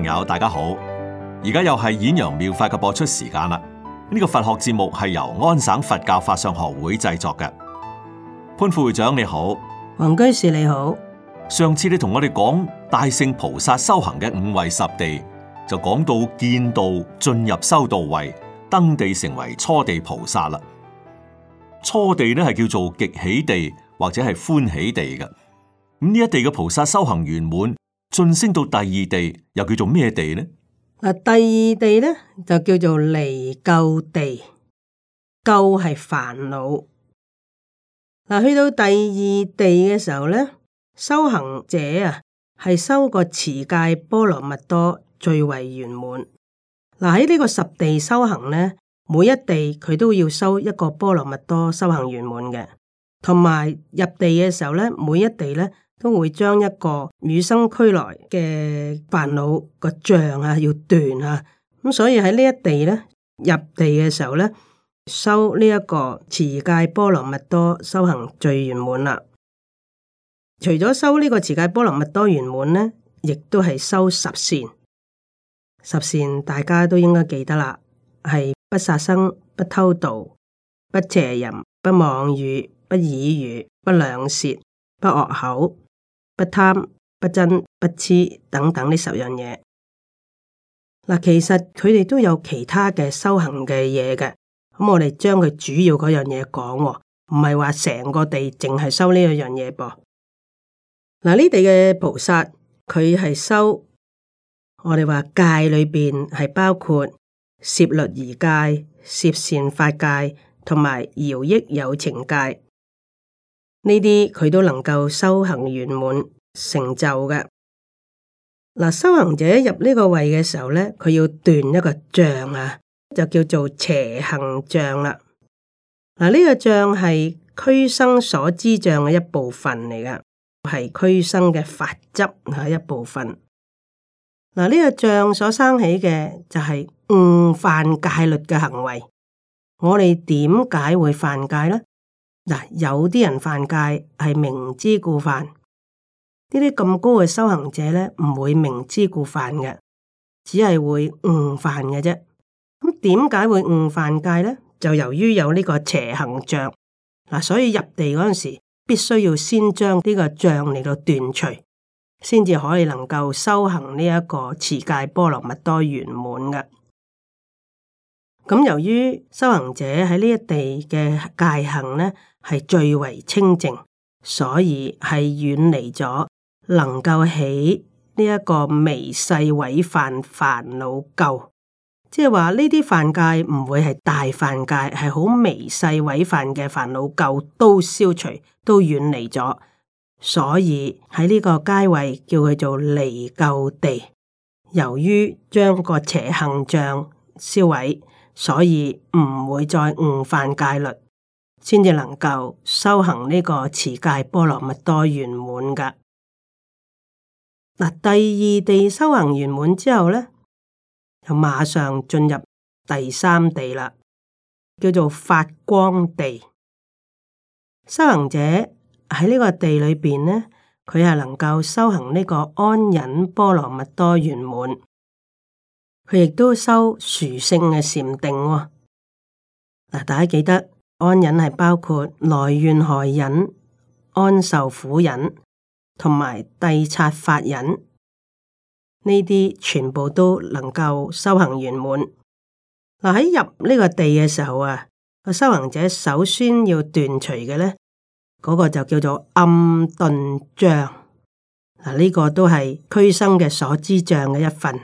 朋友，大家好，而家又係演陽妙法嘅播出時間啦。呢個佛學節目係由安省佛教法相學會製作嘅。潘副會長你好，黃居士你好。上次你同我哋講大乘菩薩修行嘅五位十地，就講到見道進入修道位，登地成為初地菩薩啦。初地咧係叫做極喜地或者係歡喜地嘅。咁呢一地嘅菩薩修行圓滿。晉升到第二地，又叫做咩地呢？嗱，第二地咧就叫做離垢地，垢係煩惱。嗱，去到第二地嘅時候咧，修行者啊係修個持戒波羅蜜多最為圓滿。嗱，喺呢個十地修行咧，每一地佢都要修一個波羅蜜多修行圓滿嘅，同埋入地嘅時候咧，每一地咧。都會將一個與生俱來嘅煩惱個障啊，要斷啊，咁、嗯、所以喺呢一地呢入地嘅時候呢，修呢一個持戒波羅蜜多修行最圓滿啦。除咗修呢個持戒波羅蜜多圓滿呢，亦都係修十善。十善大家都應該記得啦，係不殺生、不偷盜、不邪淫、不妄語、不綺語、不兩舌、不惡口。不貪、不嗔、不痴等等呢十樣嘢，嗱，其實佢哋都有其他嘅修行嘅嘢嘅，咁我哋將佢主要嗰樣嘢講喎，唔係話成個地淨係修呢樣樣嘢噃。嗱，呢地嘅菩薩，佢係修，我哋話戒裏邊係包括攝律儀戒、攝善法戒同埋饒益有情戒。呢啲佢都能夠修行圓滿成就嘅。嗱，修行者入呢個位嘅時候呢，佢要斷一個障啊，就叫做邪行障啦。嗱，呢個障係俱生所知障嘅一部分嚟噶，係俱生嘅法執吓一部分。嗱，呢、這個障所生起嘅就係誤犯戒律嘅行為。我哋點解會犯戒呢？有啲人犯戒係明知故犯，呢啲咁高嘅修行者咧，唔會明知故犯嘅，只係會誤犯嘅啫。咁點解會誤犯戒咧？就由於有呢個邪行障，嗱，所以入地嗰陣時，必須要先將呢個障嚟到斷除，先至可以能夠修行呢一個持戒波羅蜜多圓滿嘅。咁由於修行者喺呢一地嘅戒行咧。係最為清淨，所以係遠離咗，能夠起呢一個微細毀犯煩惱垢，即係話呢啲犯戒唔會係大犯戒，係好微細毀犯嘅煩惱垢都消除，都遠離咗，所以喺呢個階位叫佢做離垢地。由於將個邪行障銷毀，所以唔會再誤犯戒律。先至能夠修行呢個持戒波羅蜜多圓滿噶。嗱，第二地修行圓滿之後呢，就馬上進入第三地啦，叫做發光地。在這地修行者喺呢個地裏邊呢，佢係能夠修行呢個安忍波羅蜜多圓滿，佢亦都修殊勝嘅禪定、哦。嗱，大家記得。安忍係包括耐怨害忍、安受苦忍同埋諦察法忍呢啲，這些全部都能夠修行圓滿。嗱，喺入呢個地嘅時候啊，個修行者首先要斷除嘅呢嗰個就叫做暗鈍障。嗱，呢個都係俱生嘅所知障嘅一份。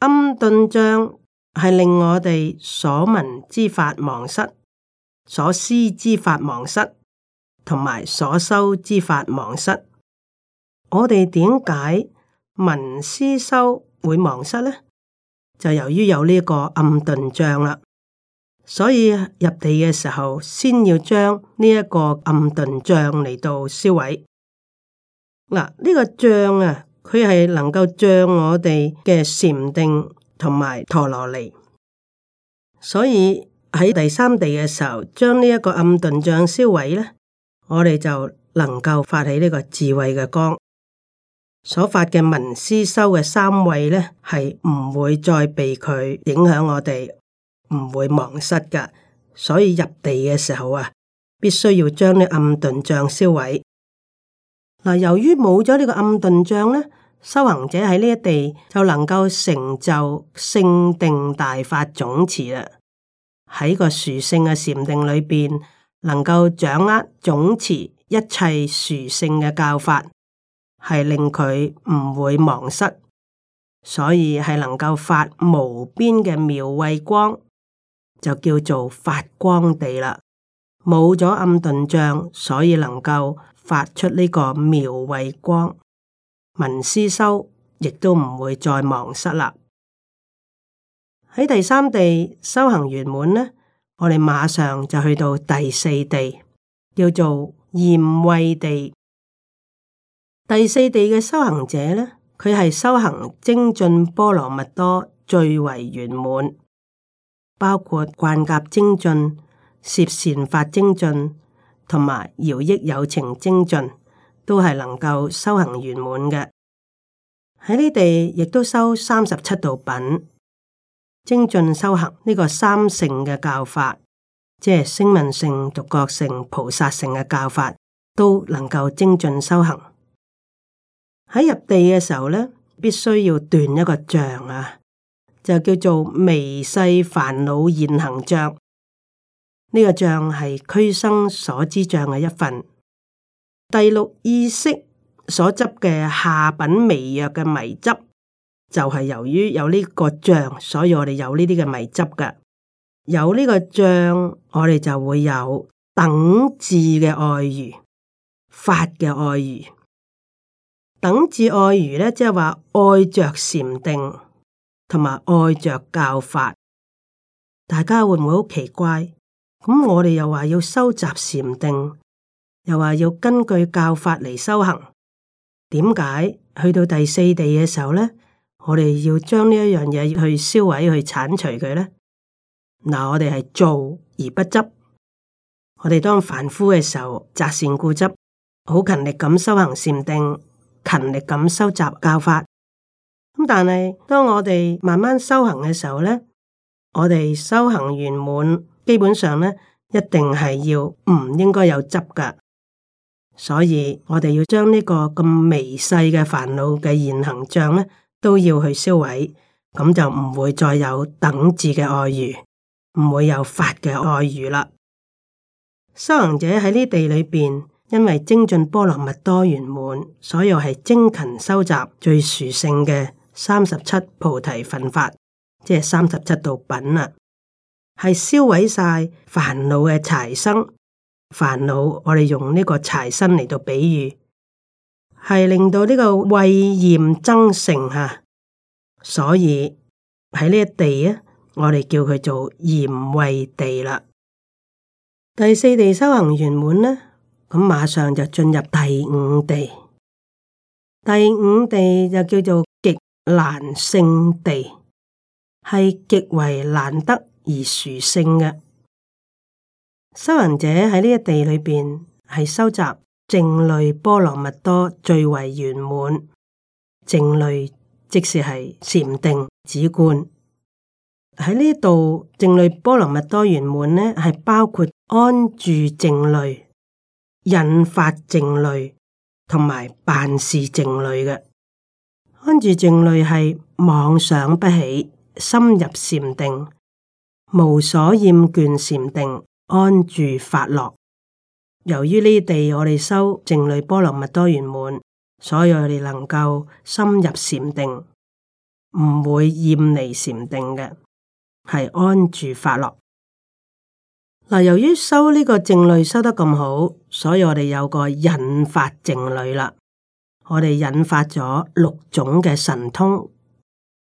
暗鈍障係令我哋所聞之法忘失。所思之法忘失，同埋所修之法忘失，我哋點解聞思修會忘失呢？就由於有呢個暗鈍障啦，所以入地嘅時候，先要將呢一個暗鈍障嚟到銷毀。嗱，呢、這個障啊，佢係能夠障我哋嘅禪定同埋陀羅尼，所以。喺第三地嘅時候，將呢一個暗鈍障燒毀咧，我哋就能夠發起呢個智慧嘅光，所發嘅聞思修嘅三慧咧，係唔會再被佢影響我哋，唔會忘失噶。所以入地嘅時候啊，必須要將呢暗鈍障燒毀。嗱，由於冇咗呢個暗鈍障，呢修行者喺呢一地就能夠成就聖定大法總持啦。喺個殊勝嘅禪定裏邊，能夠掌握總持一切殊勝嘅教法，係令佢唔會忘失，所以係能夠發無邊嘅妙慧光，就叫做發光地啦。冇咗暗鈍障，所以能夠發出呢個妙慧光，聞思修亦都唔會再忘失啦。喺第三地修行圓滿呢，我哋馬上就去到第四地，叫做焰慧地。第四地嘅修行者呢，佢係修行精進波羅蜜多最為圓滿，包括灌甲精進、攝善法精進同埋饒益有情精進，都係能夠修行圓滿嘅。喺呢地亦都修三十七道品。精進修行呢、這個三性嘅教法，即係聲聞性、獨覺性、菩薩性嘅教法，都能夠精進修行。喺入地嘅時候呢，必須要斷一個障啊，就叫做微細煩惱現行障。呢、這個障係俱生所知障嘅一份，第六意識所執嘅下品微弱嘅迷執。就係由於有呢個障，所以我哋有呢啲嘅迷執嘅。有呢個障，我哋就會有等至嘅愛愚，法嘅愛愚。等至愛愚呢，即係話愛着禪定同埋愛著教法。大家會唔會好奇怪？咁我哋又話要收集禪定，又話要根據教法嚟修行。點解去到第四地嘅時候呢？我哋要將呢一樣嘢去銷毀、去鏟除佢咧。嗱，我哋係做而不執，我哋當凡夫嘅時候擇善固執，好勤力咁修行禪定，勤力咁收集教法。咁但係當我哋慢慢修行嘅時候咧，我哋修行圓滿，基本上咧一定係要唔、嗯、應該有執噶。所以我哋要將呢個咁微細嘅煩惱嘅現行像咧。都要去燒毀，咁就唔會再有等字嘅外遇，唔會有法嘅外遇啦。修行者喺呢地裏邊，因為精進波羅蜜多圓滿，所以係精勤收集最殊勝嘅三十七菩提分法，即係三十七道品啦，係燒毀晒煩惱嘅柴生煩惱，我哋用呢個柴生嚟做比喻。係令到呢個慧焰增盛，所以喺呢一地，我哋叫佢做焰慧地啦。第四地修行圓滿咧，咁馬上就進入第五地。第五地就叫做極難勝地，係極為難得而殊勝嘅。修行者喺呢一地裏邊係收集。靜慮波羅蜜多最為圓滿，靜慮即是係禪定止觀。喺呢度，靜慮波羅蜜多圓滿呢，係包括安住靜慮、引發靜慮同埋辦事靜慮嘅。安住靜慮係妄想不起，深入禪定，無所厭倦，禪定安住法樂。由於呢地我哋修靜慮波羅蜜多圓滿，所以我哋能夠深入禪定，唔會厭離禪定嘅，係安住法樂。嗱，由於修呢個靜慮修得咁好，所以我哋有個引發靜慮啦，我哋引發咗六種嘅神通，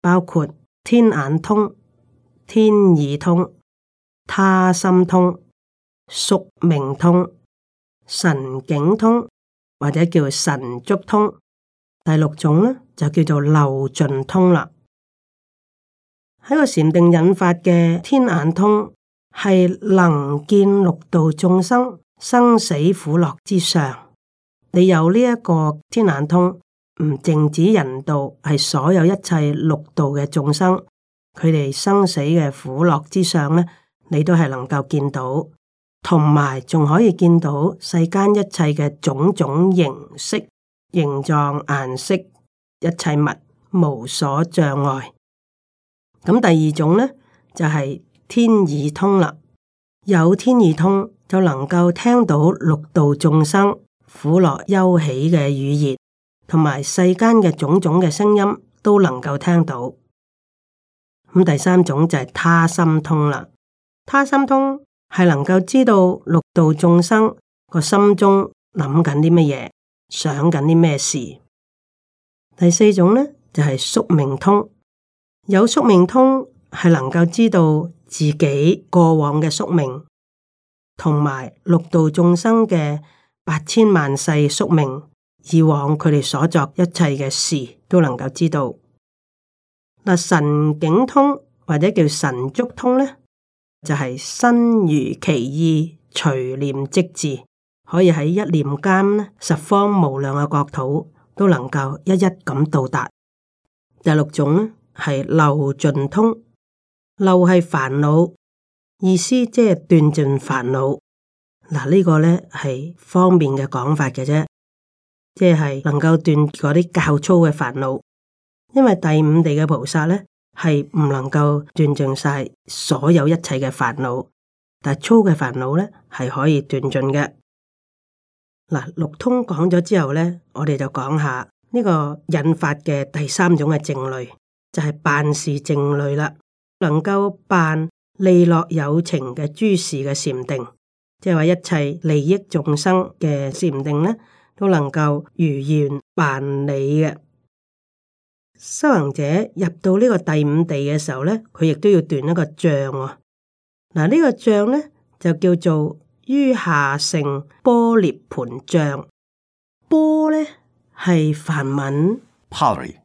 包括天眼通、天耳通、他心通、宿命通。神境通或者叫神足通，第六種呢，就叫做漏盡通啦。喺個禪定引發嘅天眼通係能見六道眾生生死苦樂之相。你有呢一個天眼通，唔淨止人道，係所有一切六道嘅眾生，佢哋生死嘅苦樂之相呢，呢你都係能夠見到。同埋仲可以見到世間一切嘅種種形式、形狀、顏色，一切物無所障礙。咁第二種呢，就係天耳通啦，有天耳通就能夠聽到六道眾生苦樂憂喜嘅語言，同埋世間嘅種種嘅聲音都能夠聽到。咁第三種就係他心通啦，他心通。係能夠知道六道眾生個心中諗緊啲乜嘢，想緊啲咩事。第四種呢，就係宿命通，有宿命通係能夠知道自己過往嘅宿命，同埋六道眾生嘅八千萬世宿命，以往佢哋所作一切嘅事都能夠知道。嗱，神境通或者叫神足通呢？就係身如其意，隨念即至，可以喺一念間十方無量嘅國土都能夠一一咁到達。第六種呢係漏盡通，漏係煩惱，意思即係斷盡煩惱。嗱，呢個呢係方便嘅講法嘅啫，即係能夠斷嗰啲較粗嘅煩惱，因為第五地嘅菩薩呢，係唔能夠斷盡晒所有一切嘅煩惱，但粗嘅煩惱呢係可以斷盡嘅。嗱、啊，六通講咗之後呢，我哋就講下呢個引發嘅第三種嘅靜慮，就係、是、辦事靜慮啦，能夠辦利樂有情嘅諸事嘅禪定，即係話一切利益眾生嘅禪定呢，都能夠如願辦理嘅。修行者入到呢個第五地嘅時候呢，佢亦都要斷一個障喎、哦。嗱，這個、呢個障呢就叫做於下乘般涅槃障。般呢係梵文，au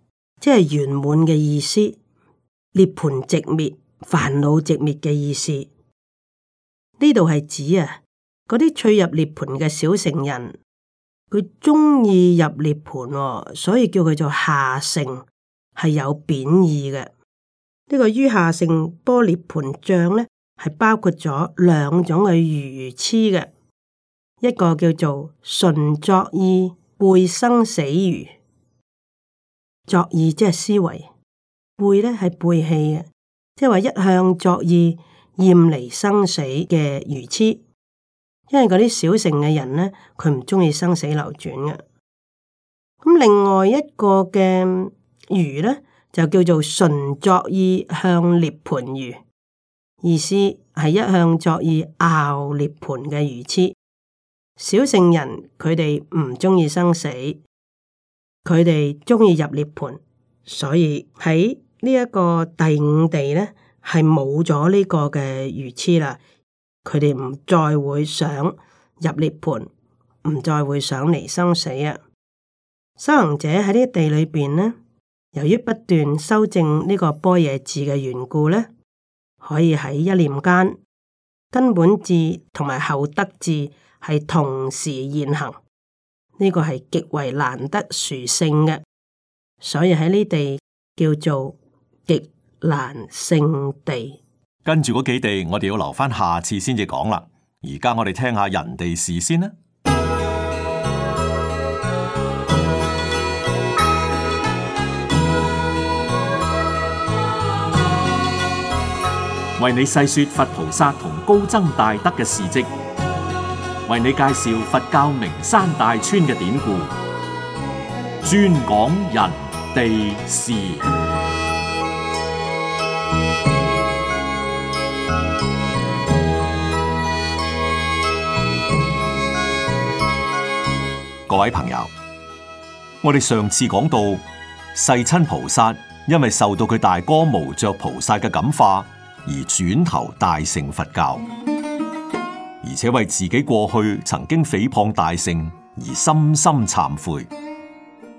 即係圓滿嘅意思。涅槃寂滅，煩惱寂滅嘅意思。呢度係指啊，嗰啲趣入涅槃嘅小乘人，佢鍾意入涅槃喎、哦，所以叫佢做下乘。係有貶義嘅，呢、這個於下乘般涅槃障呢，係包括咗兩種嘅愚痴嘅，一個叫做純作意背生死愚，作意即係思維，背呢係背棄嘅，即係話一向作意厭離生死嘅愚痴，因為嗰啲小乘嘅人呢，佢唔中意生死流轉嘅，咁另外一個嘅。愚呢，就叫做純作意向涅槃愚，意思係一向作意拗涅槃嘅愚癡。小聖人佢哋唔鍾意生死，佢哋鍾意入涅槃，所以喺呢一個第五地呢，係冇咗呢個嘅愚癡啦。佢哋唔再會想入涅槃，唔再會想離生死啊！修行者喺呢啲地裏邊呢。由於不斷修正呢個般若字嘅緣故咧，可以喺一念間根本字同埋後得字係同時現行，呢個係極為難得殊勝嘅，所以喺呢地叫做極難勝地。跟住嗰幾地，我哋要留返下次先至講啦。而家我哋聽下人哋事先啦。為你細說佛菩薩同高僧大德嘅事跡，為你介紹佛教名山大川嘅典故，專講人地事。各位朋友，我哋上次講到，世親菩薩因為受到佢大哥無着菩薩嘅感化，而轉投大乘佛教，而且為自己過去曾經誹謗大乘而深深懺悔，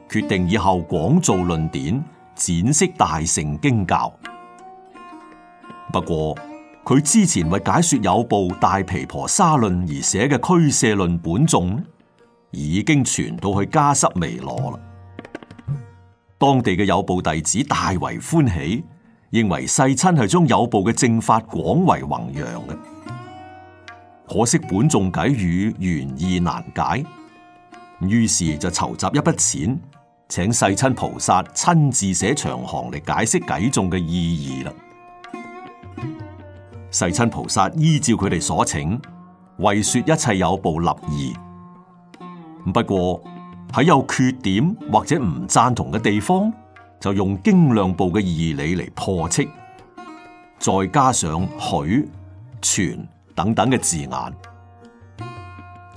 決定以後廣造論典，展釋大乘經教。不過，佢之前為解說有部大毗婆沙論而寫嘅《俱舍論本頌》已經傳到去迦濕彌羅啦。當地嘅有部弟子大為歡喜。認為世親係將有部嘅正法廣為弘揚嘅，可惜本眾偈語原意難解，於是就籌集一筆錢，請世親菩薩親自寫長行嚟解釋偈眾嘅意義啦。世親菩薩依照佢哋所請，為說一切有部立義。不過喺有缺點或者唔贊同嘅地方，就用經量部嘅義理嚟破斥，再加上許、傳等等嘅字眼，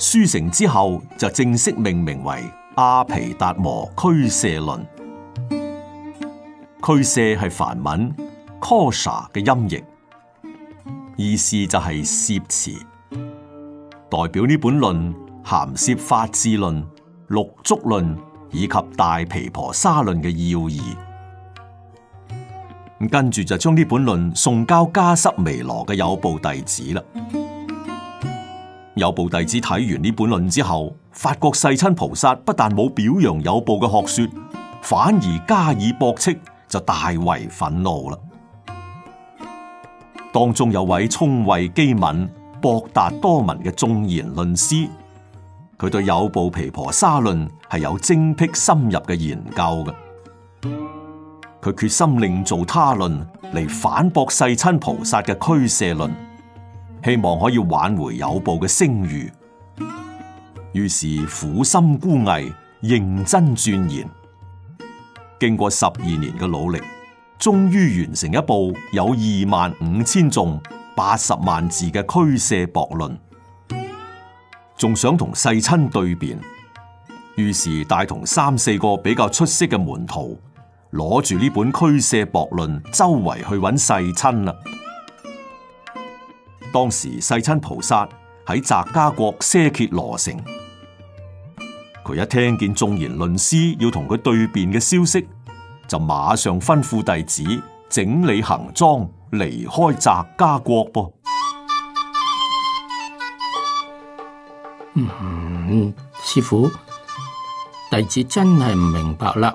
書成之後就正式命名為《阿毗達摩俱舍論》。俱舍係梵文 Kosa 嘅音譯，意思就係涉詞，代表呢本論含涉法治論、六足論，以及大毗婆沙論嘅要義，咁跟住，就將呢本論送交加濕彌羅嘅有部弟子啦。有部弟子睇完呢本論之後，發覺世親菩薩不但冇表揚有部嘅學說，反而加以駁斥，就大為憤怒啦。當中有位聰慧機敏、博達多聞嘅眾賢論師。佢對有部毗婆沙論係有精辟深入嘅研究嘅，佢決心另造他論嚟反駁世親菩薩嘅俱舍論，希望可以挽回有部嘅聲譽。於是苦心孤詣，認真鑽研，經過十二年嘅努力，終於完成一部有二萬五千頌、八十萬字嘅俱舍雹論。仲想同世親對辯，於是帶同三四個比較出色嘅門徒攞住呢本《俱舍雹論》，周圍去揾世親啦。當時世親菩薩喺磔迦國奢羯羅城，佢一聽見眾賢論師要同佢對辯嘅消息，就馬上吩咐弟子整理行裝，離開磔迦國噃。嗯，師父，弟子真係唔明白啦，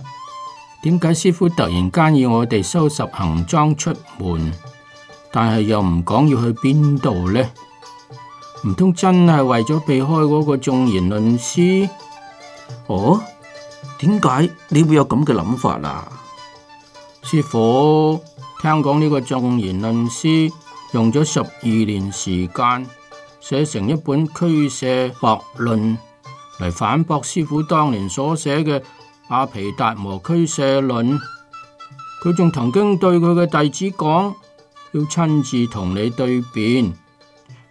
點解師父突然間要我哋收拾行裝出門，但係又唔講要去邊度呢？唔通真係為咗避開嗰個眾賢論師？哦，點解你會有咁嘅諗法啊？師父，聽講呢個眾賢論師用咗十二年時間。寫成一本《俱舍雹論》嚟反駁師父當年所寫嘅《阿毗達磨俱舍論》。佢仲曾經對佢嘅弟子講：要親自同你對辯，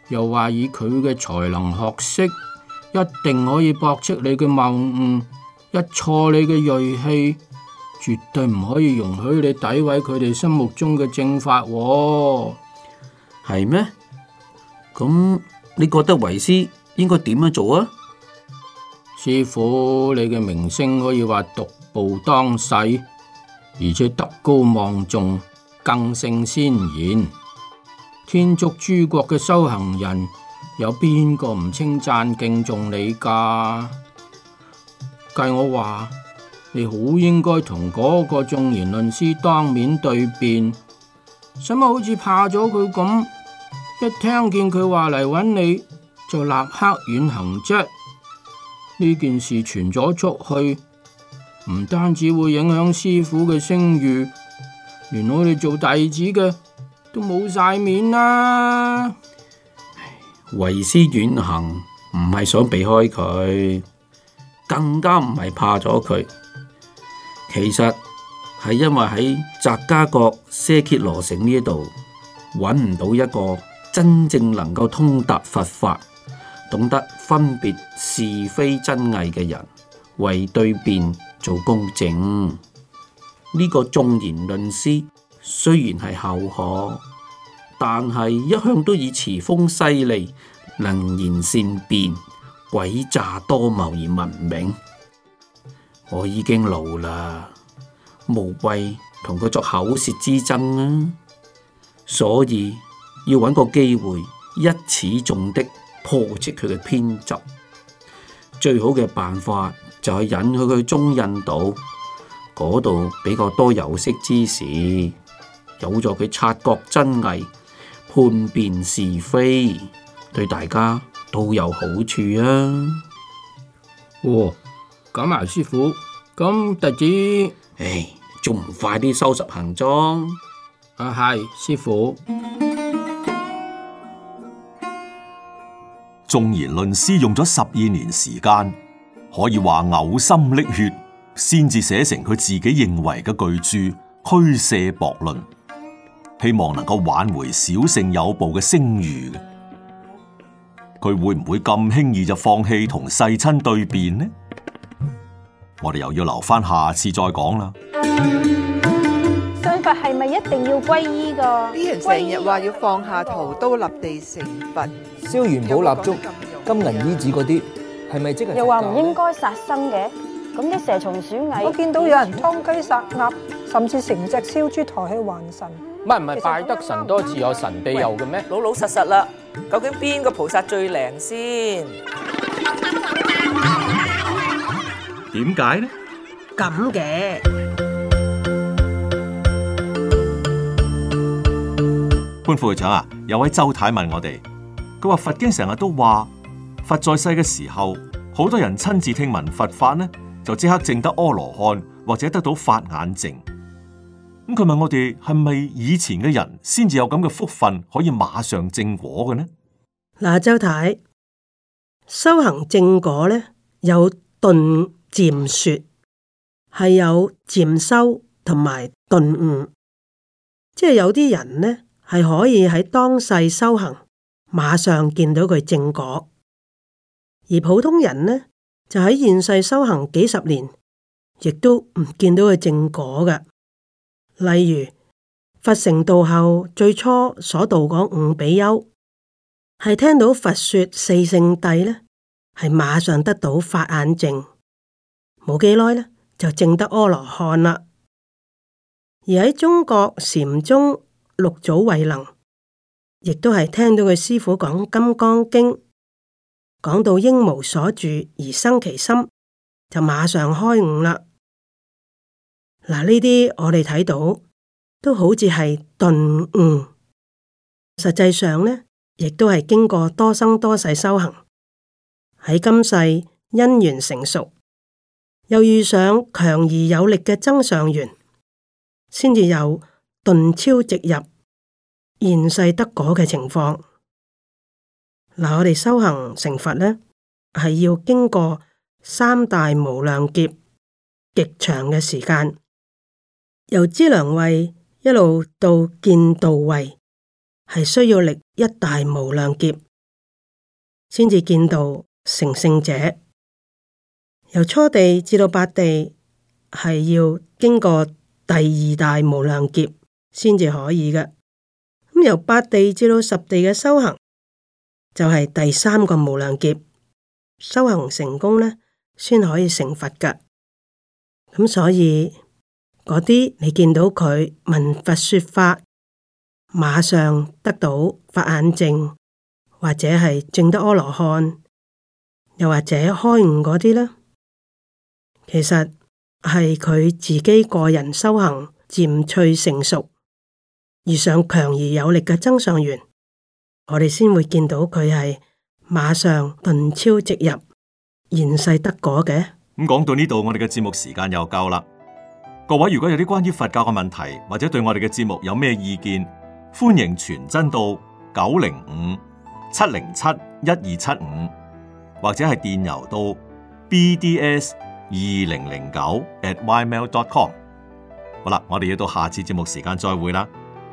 又話以佢嘅才能學識，一定可以駁斥你嘅謬誤，一挫你嘅銳氣，絕對唔可以容許你詆毀佢哋心目中嘅正法。係咩？咁？你覺得為師應該點樣做啊？師傅，你嘅名聲可以話獨步當世，而且德高望重，更勝先賢。天竺諸國嘅修行人有邊個唔稱讚敬重你㗎？計我話，你好應該同嗰個眾賢論師當面對辯，使乜好似怕咗佢咁？一聽見佢話嚟搵你，就立刻遠行啫。呢件事傳咗出去，唔單止會影響師傅嘅聲譽，連我哋做弟子嘅都冇晒面啦。為師遠行唔係想避開佢，更加唔係怕咗佢，其實係因為喺磔迦國奢羯羅城呢度搵唔到一個，真正能夠通達佛法，懂得分別是非真偽嘅人，為對辯做公正呢個眾賢論師，雖然係後學，但係一向都以詞鋒犀利、能言善辯、詭詐多謀而聞名。我已經老啦，無謂同佢作口舌之爭啦，啊，所以。要揾個機會一次中的破斥佢嘅偏執，最好嘅辦法就係引佢去中印度嗰度比較多有識之士，有助佢察覺真偽、判辨是非，對大家都有好處啊！哦，咁啊，師傅，咁弟子，唉，仲唔快啲收拾行裝？啊，係，師傅。眾賢論師用咗十二年時間，可以話嘔心瀝血，先至寫成佢自己認為嘅巨著《俱舍雹論》，希望能夠挽回小乘有部嘅聲譽。佢會唔會咁輕易就放棄同世親對辯呢？我哋又要留翻下，下次再講啦。係咪一定要皈依噶？啲人成日話要放下屠刀立地成佛，燒元寶蠟燭、金銀衣紙嗰啲，係咪即係？又話唔應該殺生嘅，咁啲蛇蟲鼠蟻，我見到有人劏雞殺鴨，甚至成隻燒豬抬去還神。唔係唔係，拜得神多自有神庇佑嘅咩？老老實實啦，究竟邊個菩薩最靈先？點解呢？咁嘅。官副會長啊，有位周太問我哋，佢話佛經成日都話，佛在世嘅時候，好多人親自聽聞佛法呢，就即刻證得阿羅漢或者得到法眼淨。咁佢問我哋，係咪以前嘅人先至有咁嘅福分，可以馬上證果嘅呢？嗱、呃，周太，修行證果呢，有頓漸說，係有漸修同埋頓悟，即係有啲人呢。係可以喺當世修行，馬上見到佢正果；而普通人呢，就喺現世修行幾十年，亦都唔見到佢正果嘅。例如佛成道後最初所度過五比丘，係聽到佛說四聖諦呢，係馬上得到法眼淨，冇幾耐呢，就證得阿羅漢啦。而喺中國禪宗。六祖慧能，亦都係聽到佢師父講《金剛經》，講到應無所住而生其心，就馬上開悟啦。嗱，呢啲我哋睇到都好似係頓悟，實際上呢，亦都係經過多生多世修行，喺今世因緣成熟，又遇上強而有力嘅增上緣，先至有頓超直入。現世得果嘅情況，嗱，我哋修行成佛咧，係要經過三大無量劫極長嘅時間，由資糧位一路到見道位，係需要歷一大無量劫先至見到成聖者。由初地至到八地，係要經過第二大無量劫先至可以嘅。咁由八地至到十地嘅修行，就係第三個無量劫修行成功呢，先可以成佛噶。咁所以嗰啲你見到佢聞佛說法，馬上得到法眼淨，或者係證得阿羅漢，又或者開悟嗰啲咧，其實係佢自己個人修行漸趨成熟。遇上強而有力嘅增上緣，我哋先會見到佢係馬上頓超直入現世得果嘅。咁講到呢度，我哋嘅節目時間又夠啦。各位如果有啲關於佛教嘅問題，或者對我哋嘅節目有咩意見，歡迎傳真到九零五七零七一二七五，75，或者係電郵到 bds 二零零九 at ymail.com。好啦，我哋要到下次節目時間再會啦。